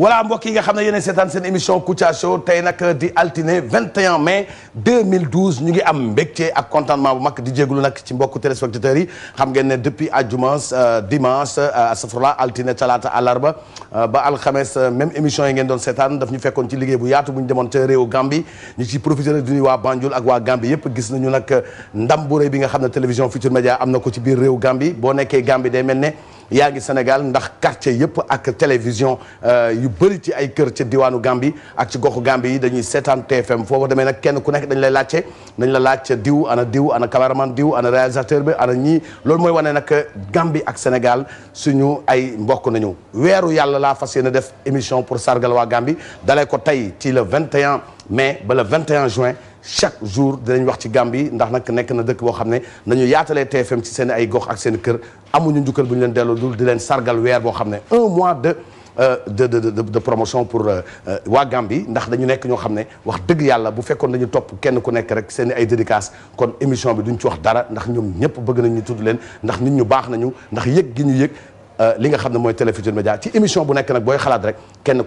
voilà mbokk yi nga xam ne yéen a seetaan seen émission Kouthia Show tey nag di altine 21 mai 2012 ñu ngi am mbégte ak contentement bu mag di jégalu nag ci mbokku téléspectateurs yi xam ngeen ne depuis àjjuma euh, dimanche euh, safrala altine talaata àllarba euh, ba alxames même émission yi ngeen doon seetaan daf ñu fekkoon ci liggéey bu yaatu bu ñu demoon ca réewu Gambie ñu ci profité nag duñuy waa Banjul ak waa Gambie yëpp gis nañu nag ndam bu rëy bi nga xam ne télévision Futur Média am na ko ci biir réewu Gambie boo nekkee Gambie day mel ne yaa ngi Sénégal ndax quartier yëpp ak télévision euh, yu bëri ci ay kër ci diwaanu Gambie ak ci goxu Gambie yi dañuy seetaan TFM foofu demee nag kenn ku nekk dañ lay laajte dañ la laajte diw ana diw ana cameraman diw ana réalisateur bi ana ñii loolu mooy wane nag Gambie ak Sénégal suñu ay mbokk nañu weeru yàlla laa fas yéene def émission pour sargal waa Gambie dalee ko tey ci le 21 mai ba le 21 juin chaque jour dinañ wax ci Gambie ndax nag nekk na dëkk boo xam ne nañu yaatalee TFM ci seen ay gox ak seen kër amuñu njukkal bu ñu leen delloo dul di leen sargal weer boo xam ne un mois de euh, de de de promotion pour euh, euh, waa Gambie ndax dañu nekk ñoo xam ne wax dëgg yàlla bu fekkoon nañu topp kenn ku nekk rek seen ay dédicace kon émission bi duñ ci wax dara ndax ñoom ñëpp bëgg nañ ñu tudd leen ndax nit ñu baax nañu ndax yëg gi ñu yëg. li nga xam ne mooy Télé Futurs Médias ci émission bu nekk nag booy xalaat rek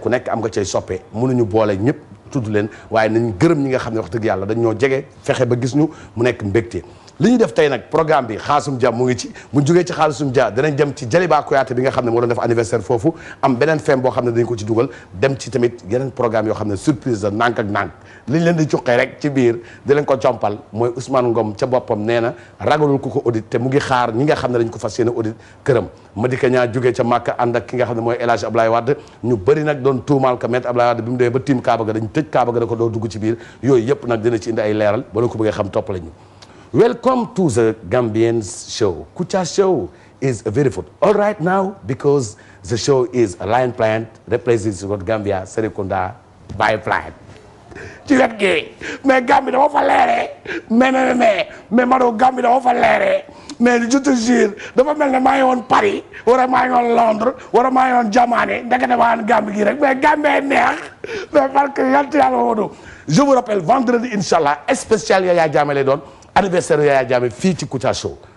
nekk am nga cay soppe mënuñu boole ñëpp tudd leen waaye nañ gërëm ñi nga xam ne wax dëgg yàlla dañ ñoo jege fexe ba gis ñu mu nekk mbégte li ñu def tey nag programme bi xaasum dia mu ngi ci buñ jógee ci xaasum jaa danañ dem ci Jaliba Kouyaté bi nga xam ne moo doon def anniversaire foofu am beneen feem boo xam ne dañ ko ci dugal dem ci tamit yeneen programme yoo xam ne surprise la nànk li ñu leen di cuqee rek ci biir di leen ko compal mooy Ousmane Ngom ca boppam nee na ragalul ku ko audit te mu ngi xaar ñi nga xam ne dañ ko fas yéene audit këram Madické Niang jógee ca Màkka ànd ak ki nga xam ne mooy El Hadj Abdoulaye Wade ñu bëri nag doon tuumaal ka maître Abdoulaye Wade bi mu demee ba tiim Kaaba ga ko doo dugg ci biir yooyu yëpp nag dina ci indi ay leeral bala ko bëggee xam topp lañu Welcome to the Gambians show. Kucha show is very good. All right now, because the show is a lion plant, replaces what Gambia, Serekunda, by plant. ci wet gi mais Gambie dafa fa leere mais mais mais mais Madou Gambie dafa fa leere mais je te jure dafa mel ne maa ngi woon Paris wala maa ngi woon Londres wala maa ngi woon Jamaane ndekete maa ngi Gambie gi rek mais Gambie neex mais parce que yàlla yàlla woodu je vous rappelle vendredi incha allah spécial Yaya anniversaire Yaya Jammeh fii ci Kouthia Show